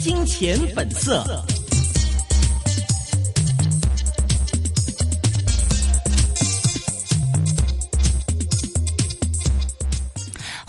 金錢本色。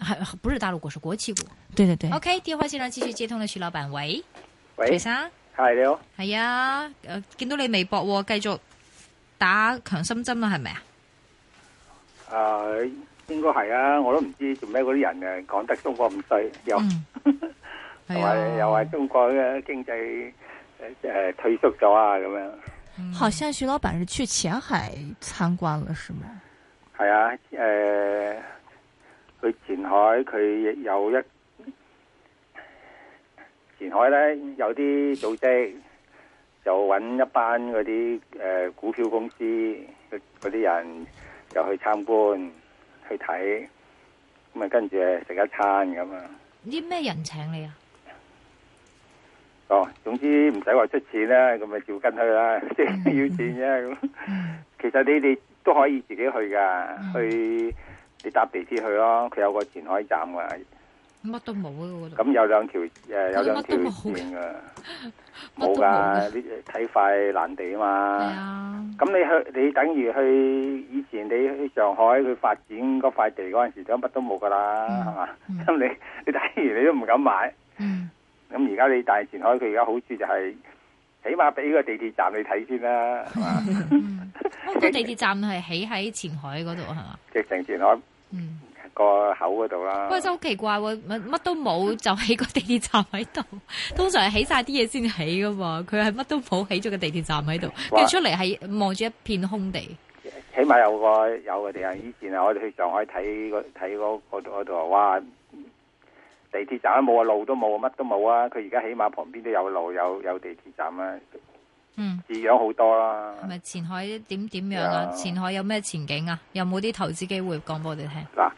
還不是大陸股，是國企股。對對對。OK，電話線上繼續接通啦，徐老闆，喂？喂，徐生。係你好。係、哎、呀，誒，見到你微博，繼續打強心針啦，係咪啊？誒，應該係啊，我都唔知做咩嗰啲人啊。講得中國唔衰，又，同埋又話中國嘅經濟誒、呃、退縮咗啊，咁樣。好像徐老闆是去前海參觀了，是嗎？係、嗯、啊，誒、呃。去前海，佢亦有一前海咧，有啲組織，就搵一班嗰啲誒股票公司嗰啲人，又去參觀去睇，咁啊跟住食一餐咁啊。啲咩人請你啊？哦，總之唔使話出錢啦，咁咪照跟去啦，即係要錢啫。其實你哋都可以自己去噶，去。你搭地鐵去咯，佢有個前海站噶，乜都冇啊嗰度。咁有兩條誒，有兩條線噶，冇㗎，睇塊爛地啊嘛。係啊。咁你去，你等於去以前你去上海去發展嗰塊地嗰陣時，就乜都冇㗎啦，係嘛？咁你你等於你都唔敢買。咁而家你大前海，佢而家好處就係，起碼俾個地鐵站你睇先啦，係嘛？個地鐵站係起喺前海嗰度，係嘛？直情前海。嗯，個口嗰度啦。不過真好奇怪喎，乜乜 都冇，就喺個地鐵站喺度。通常係起晒啲嘢，先起噶嘛，佢係乜都冇，起咗個地鐵站喺度，佢出嚟係望住一片空地。起碼有個有嘅地方，以前啊，我哋去上海睇睇嗰度嗰度啊，哇！地鐵站冇啊，路都冇，乜都冇啊。佢而家起碼旁邊都有路，有有地鐵站啊。嗯，異樣好多啦。係咪前海點點樣，樣啊？啊前海有咩前景啊？有冇啲投資機會講俾我哋聽？嗱、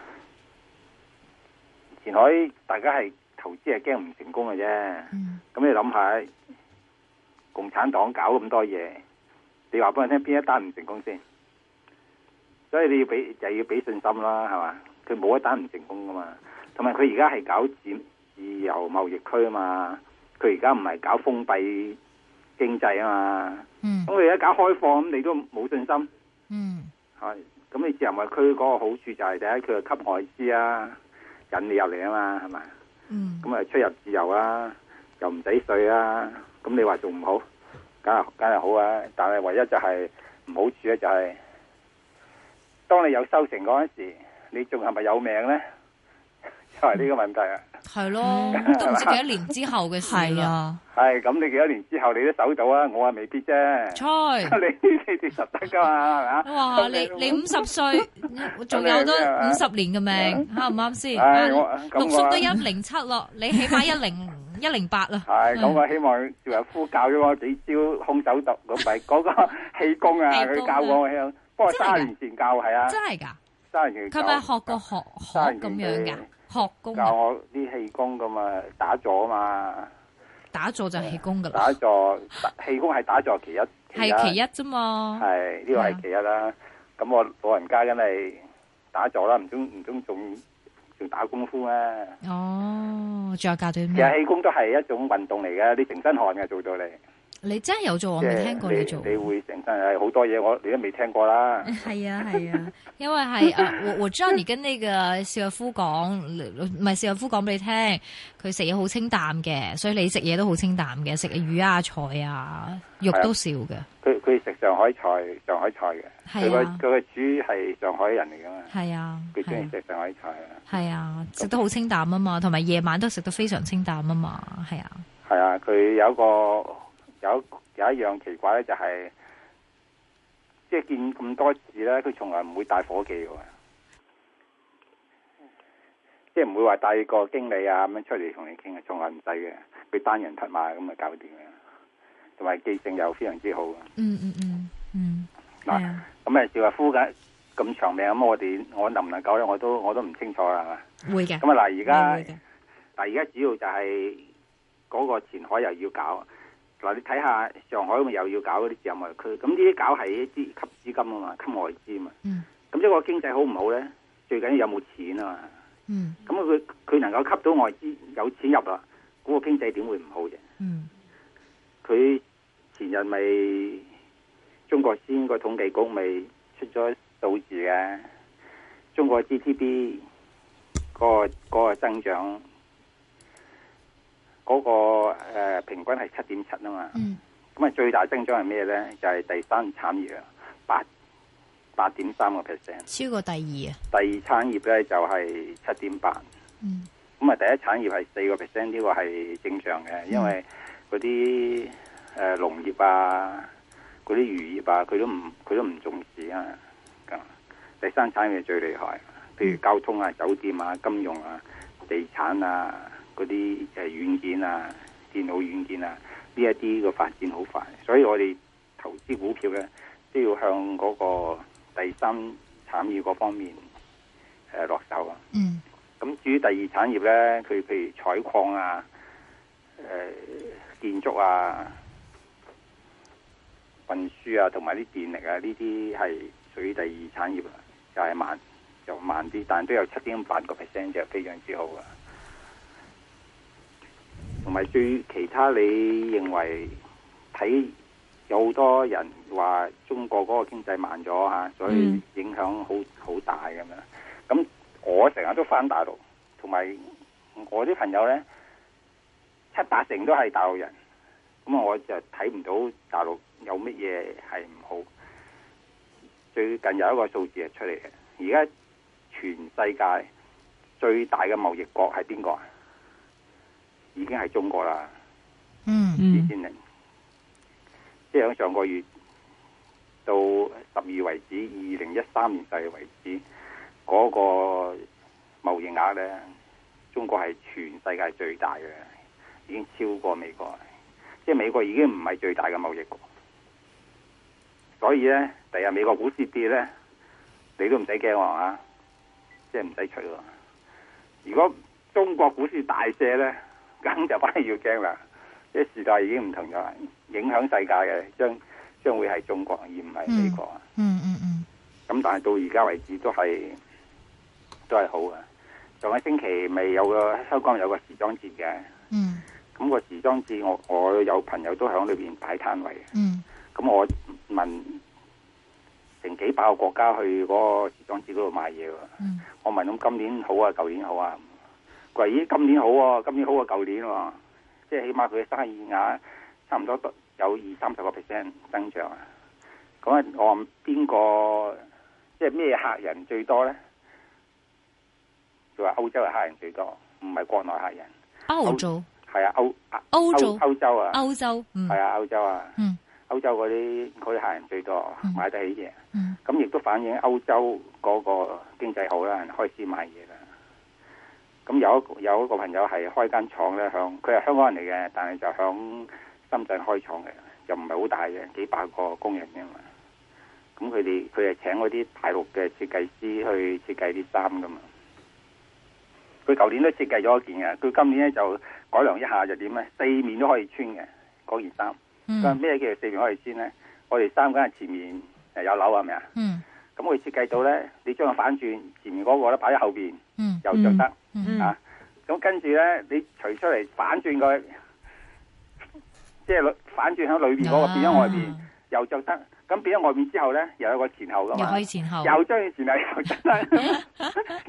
嗯，前海大家係投資係驚唔成功嘅啫。咁、嗯、你諗下，共產黨搞咁多嘢，你話俾我聽邊一單唔成功先？所以你要俾就要俾信心啦，係嘛？佢冇一單唔成功噶嘛。同埋佢而家係搞自自由貿易區啊嘛，佢而家唔係搞封閉。經濟啊嘛，咁你而家搞開放，咁你都冇信心。嗯，係、嗯，咁你自由貿易區嗰個好處就係第一，佢係吸外資啊，引你入嚟啊嘛，係咪、嗯嗯？嗯，咁啊出入自由啊，又唔使稅啊，咁、嗯、你話仲唔好？梗係梗係好啊，但係唯一就係唔好處咧、就是，就係當你有收成嗰陣時，你仲係咪有命咧？係呢個問題啊！係咯，都唔知幾多年之後嘅事啊！係咁，你幾多年之後你都守到啊！我啊未必啫。吹你你哋實得噶嘛？係嘛？哇！你你五十歲，仲有咗五十年嘅命，啱唔啱先？六叔都一零七咯，你起碼一零一零八啦。係咁啊！希望作為夫教，希望幾招空手道咁咪嗰個氣功啊，去教我向。真係噶！真係噶！三年前教係啊！真係噶！三年。佢係學過學學咁樣嘅。學工教我啲氣功噶嘛，打坐啊嘛，打坐就氣功噶啦，打坐氣功係打坐其一，係其一啫嘛，係呢個係其一啦。咁我老人家因為打坐啦，唔中唔中仲仲打功夫咩？哦，仲有教啲咩？其實氣功都係一種運動嚟嘅，你成身汗嘅做到嚟。你真係有做，我未聽過你做。你會成真係好多嘢，我你都未聽過啦。係啊係啊，因為係啊， 我 Johnny 跟呢個邵逸夫講，唔係邵逸夫講俾你聽，佢食嘢好清淡嘅，所以你食嘢都好清淡嘅，食魚啊菜啊肉都少嘅。佢佢食上海菜，上海菜嘅。佢、啊、個佢個主係上海人嚟噶嘛。係啊。佢中意食上海菜啊。係啊，食那、啊、得好清淡啊嘛，同埋夜晚都食得非常清淡啊嘛，係啊。係啊，佢有一個。有有一樣奇怪咧、就是，就係即係見咁多次咧，佢從來唔會帶伙計嘅，即係唔會話帶個經理啊咁樣出嚟同你傾啊，從來唔使嘅，佢單人匹馬咁啊搞掂嘅，同埋記性又非常之好啊、嗯！嗯嗯嗯嗯，嗱咁啊，叫阿夫嘅咁長命咁，我哋我能唔能夠咧，我都我都唔清楚的啦。會嘅。咁啊嗱，而家嗱而家主要就係嗰個前海又要搞。嗱，你睇下上海又要搞嗰啲自貿區，咁呢啲搞係一啲吸資金啊嘛，吸外資啊嘛。嗯。咁即係個經濟好唔好咧？最緊要有冇錢啊嘛。嗯、mm.。咁佢佢能夠吸到外資，有錢入啦，咁、那個經濟點會唔好啫？嗯。佢前日咪中國先個統計局咪出咗數字嘅、啊，中國 GDP、那個、那個增長。嗰個誒平均係七點七啊嘛，咁啊、嗯、最大增長係咩咧？就係第三產業啊，八八點三個 percent，超過第二啊。第二產業咧就係七點八，嗯，咁啊第一產業係四個 percent，呢個係正常嘅，因為嗰啲誒農業啊、嗰啲漁業啊，佢都唔佢都唔重視啊，咁第三產業最厲害，譬如交通啊、酒店啊、金融啊、地產啊。嗰啲誒軟件啊，電腦軟件啊，呢一啲嘅發展好快，所以我哋投資股票呢，都要向嗰個第三產業嗰方面誒、呃、落手啊。嗯，咁至於第二產業呢，佢譬如採礦啊、誒、呃、建築啊、運輸啊，同埋啲電力啊，呢啲係屬於第二產業啊，就係、是、慢，就慢啲，但係都有七點八個 percent 就非常之好噶。係最其他，你認為睇有好多人話中國嗰個經濟慢咗吓，所以影響好好大咁樣。咁我成日都翻大陸，同埋我啲朋友呢，七八成都係大陸人，咁我就睇唔到大陸有乜嘢係唔好。最近有一個數字係出嚟嘅，而家全世界最大嘅貿易國係邊個啊？已經係中國啦，2000, 嗯，二千零，即係喺上個月到十二為止，二零一三年底為止，嗰、那個貿易額咧，中國係全世界最大嘅，已經超過美國，即係美國已經唔係最大嘅貿易國，所以咧，第日美國股市跌咧，你都唔使驚啊，即係唔使取我。如果中國股市大瀉咧，咁就反而要驚啦！啲時代已經唔同咗啦，影響世界嘅，將將會係中國而唔係美國啊、嗯！嗯嗯嗯。咁但係到而家為止都係都係好嘅。上個星期未有個收工有個時裝節嘅。嗯。咁個時裝節我我有朋友都喺裏邊擺攤位。嗯。咁我問，成幾百個國家去嗰個時裝節嗰度買嘢噶。嗯。我問咁今年好啊，舊年好啊？喂，咦、啊，今年好喎，啊，今年好過舊年喎，即係起碼佢嘅生意額差唔多有二三十個 percent 增長。咁啊，我問邊個即係咩客人最多咧？佢話歐洲嘅客人最多，唔係國內客人。歐洲係啊，歐歐洲歐洲啊，歐洲係、嗯、啊，歐洲啊，嗯、歐洲嗰啲佢客人最多，買得起嘢。咁亦、嗯嗯、都反映歐洲嗰個經濟好啦，開始買嘢啦。咁有有一個朋友係開間廠咧，向佢係香港人嚟嘅，但係就響深圳開廠嘅，就唔係好大嘅，幾百個工人嘅嘛。咁佢哋佢係請嗰啲大陸嘅設計師去設計啲衫嘅嘛。佢舊年都設計咗一件嘅，佢今年咧就改良一下就點咧？四面都可以穿嘅嗰件衫。嗯。咁咩叫四面可以穿咧？我哋衫嗰個前面誒有鈕係咪啊？嗯。咁我設計到咧，你將佢反轉，前面嗰個咧擺喺後邊。又就得啊！咁跟住咧，你除出嚟反轉佢，即係反轉喺裏邊嗰個變咗外邊，又就得。咁變咗外面之後咧，又有個前後噶嘛？又可以前後，又將佢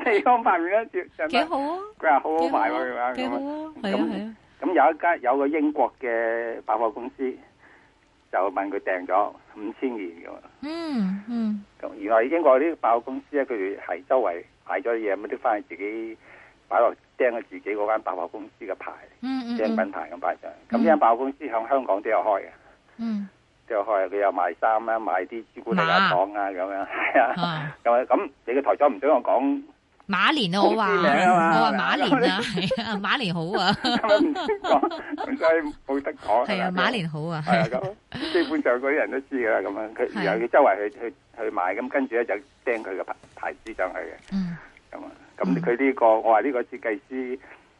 四方八面都做得。幾好啊！佢話好好賣喎，咁咁有一間有個英國嘅百貨公司，就問佢訂咗五千件噶嘛？嗯嗯，原來英國啲百貨公司咧，佢哋係周圍。買咗嘢咪都翻去自己擺落掟佢自己嗰間百貨公司嘅牌，掟、嗯嗯、品牌咁擺上。咁呢間百貨公司響香港都有開嘅，嗯、都有開。佢又賣衫啦，賣啲朱古力啊、糖啊咁、啊、樣，係啊。咁 的你嘅台桌唔准我講。馬年我話，我話馬年啊， 啊，馬年好啊，唔使冇得講。係啊，馬年好啊，係咁、啊，啊、基本上嗰啲人都知噶啦，咁樣佢然後佢周圍去去去買，咁跟住咧就釘佢嘅牌、牌子上去嘅，咁咁佢呢個我話呢個設計師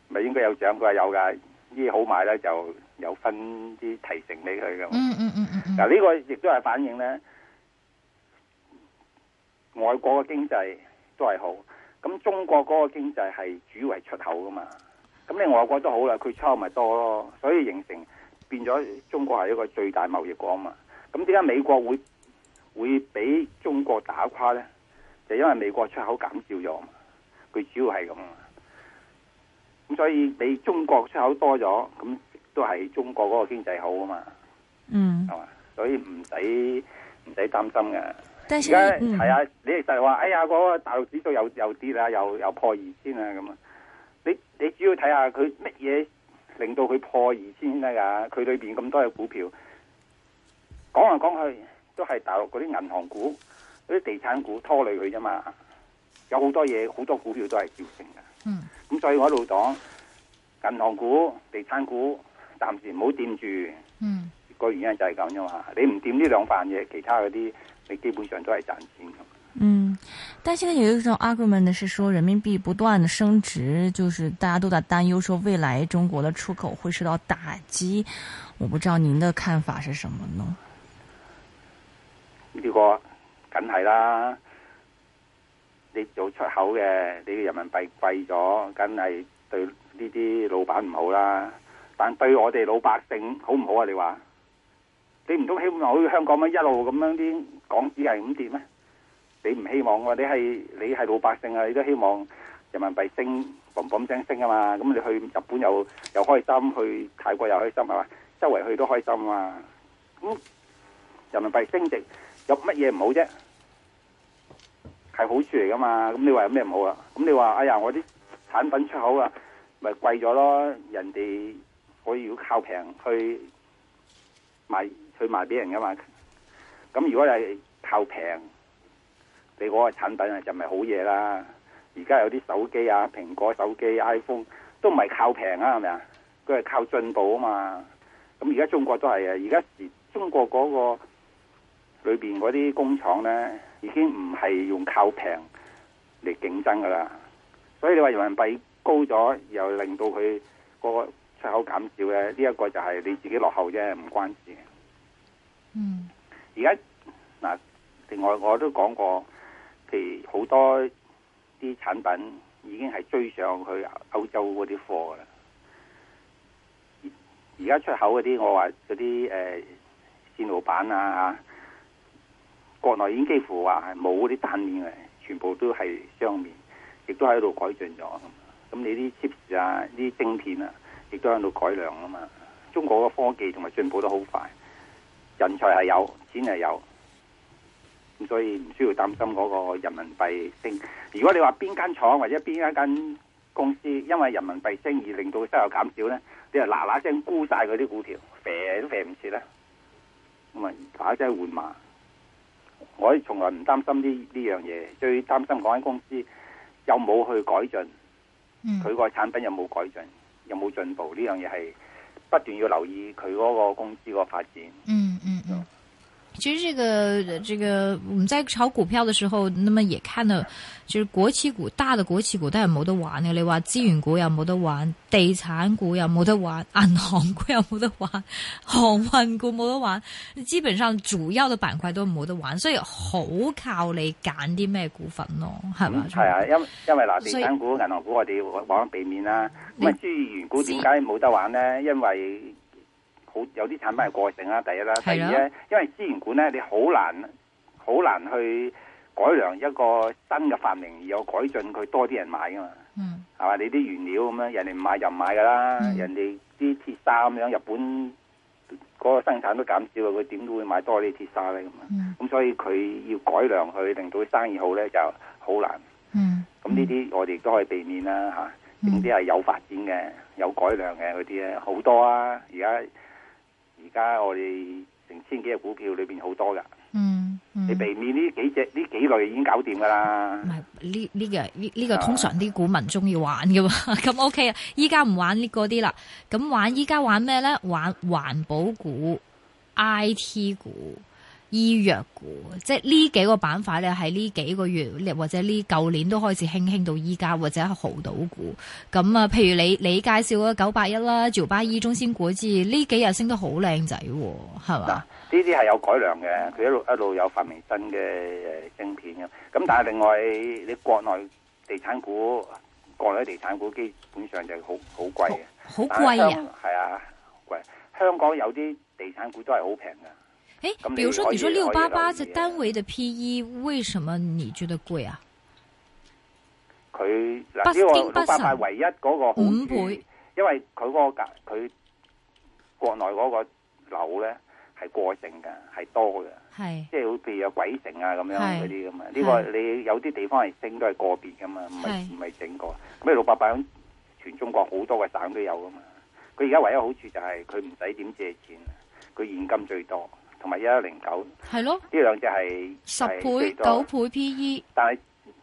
咪應該有獎，佢話有噶，呢好買咧就有分啲提成俾佢噶。嗱、嗯嗯嗯、呢個亦都係反映咧外國嘅經濟都係好。咁中國嗰個經濟係主要係出口噶嘛，咁你外國都好啦，佢出口咪多咯，所以形成變咗中國係一個最大貿易國啊嘛。咁點解美國會會俾中國打垮呢？就因為美國出口減少咗嘛，佢主要係咁啊。咁所以你中國出口多咗，咁都係中國嗰個經濟好啊嘛。嗯，係嘛？所以唔使唔使擔心噶。而家係啊，你哋就係話，哎呀，嗰、那個大陸指數又又跌啦，又又破二千啦咁啊！你你主要睇下佢乜嘢令到佢破二千得噶，佢裏邊咁多嘅股票，講嚟講去都係大陸嗰啲銀行股、嗰啲地產股拖累佢啫嘛。有好多嘢，好多股票都係跳升嘅。嗯。咁所以我喺度講銀行股、地產股，暫時唔好掂住。嗯。個原因就係咁啫嘛，你唔掂呢兩塊嘢，其他嗰啲。你基本上都係賺錢。嗯，但現在有一種 argument 呢，是說人民幣不斷的升值，就是大家都在擔憂說未來中國的出口會受到打擊。我不知道您的看法是什麼呢？呢個梗係啦，你做出口嘅，你嘅人民幣貴咗，梗係對呢啲老闆唔好啦。但對我哋老百姓好唔好啊？你話？你唔通希望去香港咁一路咁樣啲港紙係咁跌咩？你唔希望喎、啊？你係你係老百姓啊！你都希望人民幣升，嘭嘭聲升啊嘛！咁你去日本又又開心，去泰國又開心係嘛！周圍去都開心啊！咁、嗯、人民幣升值有乜嘢唔好啫？係好處嚟噶嘛？咁你話有咩唔好啊？咁你話哎呀，我啲產品出口啊，咪貴咗咯？人哋可以要靠平去買。去賣俾人噶嘛？咁如果係靠平，你嗰個產品啊，就唔係好嘢啦。而家有啲手機啊，蘋果手機 iPhone 都唔係靠平啊，係咪啊？佢係靠進步啊嘛。咁而家中國都係啊。而家中國嗰個裏邊嗰啲工廠咧，已經唔係用靠平嚟競爭噶啦。所以你話人民幣高咗，又令到佢個出口減少嘅呢一個就係你自己落後啫，唔關事。而家嗱，另外我都講過，譬如好多啲產品已經係追上去歐洲嗰啲貨啦。而家出口嗰啲，我話嗰啲誒線路板啊嚇，國內已經幾乎話係冇啲單面嘅，全部都係雙面，亦都喺度改進咗。咁你啲 chip 啊、啲晶片啊，亦都喺度改良啊嘛。中國嘅科技同埋進步得好快。人才係有，錢係有，咁所以唔需要擔心嗰個人民幣升。如果你話邊間廠或者邊一間公司，因為人民幣升而令到佢收入減少呢，你就嗱嗱聲沽晒嗰啲股票，肥都肥唔切啦。咁啊，打真換馬，我從來唔擔心呢呢樣嘢，最擔心嗰間公司有冇去改進，佢個、嗯、產品有冇改進，有冇進步呢樣嘢係。不斷要留意佢嗰個公司個發展。嗯。嗯嗯。其實這個，這個我們在炒股票的時候，那麼也看到，就是國企股、大的國企股都係冇得玩嘅，你話，資源股又冇得玩，地產股又冇得玩，銀行股又冇得玩，航運股冇得玩，基本上主要的板塊都冇得玩，所以好靠你揀啲咩股份咯，係嘛？係、嗯、啊，因為因為嗱，地產股、以銀行股我哋要往避免啦、啊，咁啊資源股點解冇得玩呢？嗯、因為好有啲產品係過剩啦，第一啦，第二咧，的因為資源股咧，你好難好難去改良一個新嘅發明而有改進佢多啲人買噶嘛，係嘛、嗯？你啲原料咁樣，人哋唔買就唔買㗎啦，嗯、人哋啲鐵砂咁樣，日本嗰個生產都減少，佢點都會買多啲鐵砂咧咁啊？咁、嗯、所以佢要改良佢令到生意好咧就好難。咁呢啲我哋都可以避免啦嚇，總之係有發展嘅、有改良嘅嗰啲咧好多啊，而家。而家我哋成千幾隻股票裏邊好多噶，嗯，嗯，你避免呢幾隻呢幾類已經搞掂噶啦。唔係呢呢個呢呢個通常啲股民中意玩噶嘛，咁 OK 啊！依家唔玩，玩，玩呢嗰啲啦，咁玩依家玩咩咧？玩環保股、IT 股。醫藥股，即係呢幾個板塊咧，喺呢幾個月或者呢舊年都開始興興到依家，或者係濠賭股。咁啊，譬如你你介紹嘅九八一啦、兆八、啊、依中、先股之，呢幾日升得好靚仔，係嘛？呢啲係有改良嘅，佢、嗯、一路一路有發明新嘅誒芯片咁。咁、啊、但係另外，你國內地產股、國內地產股基本上就貴好好貴嘅，好貴啊！係啊，貴。香港有啲地產股都係好平噶。誒，比如說你說六八八隻單位嘅 P/E，為什麼你覺得貴啊？佢，因為我六八八唯一嗰個好嘅，因為佢嗰個價，佢國內嗰個樓咧係過剩嘅，係多嘅，即係好似有鬼城啊咁樣啲咁啊。呢個你有啲地方係升都係個別噶嘛，唔係唔係整個。咁而六八八喺全中國好多嘅省都有噶嘛。佢而家唯一好處就係佢唔使點借錢，佢現金最多。同埋一一零九，係咯，呢兩隻係十倍、九倍 P E。但係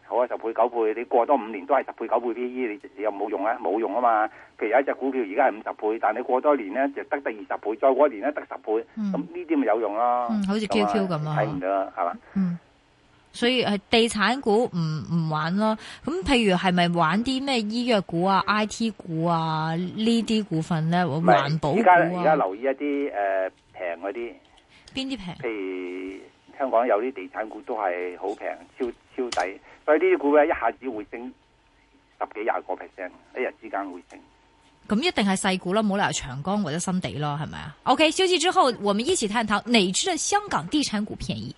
好啊，十倍九倍，你過多五年都係十倍九倍 P E，你直接有冇用啊？冇用啊嘛！譬如有一隻股票而家係五十倍，但你過多年咧，就得第二十倍，再過一年咧得十倍。咁呢啲咪有用咯？嗯，好似 QQ 咁啊，係咯，係嘛？嗯，所以係地產股唔唔玩咯。咁譬如係咪玩啲咩醫藥股啊、I T 股啊呢啲股份咧？環保股啊？而家留意一啲誒平嗰啲。邊啲平？譬如香港有啲地產股都係好平，超超低，所以呢啲股咧一下子會升十幾廿個 percent，一日之間會升。咁一定係細股啦，冇理由長江或者新地咯，係咪啊？OK，消息之後我們一起探討，哪支香港地產股便宜？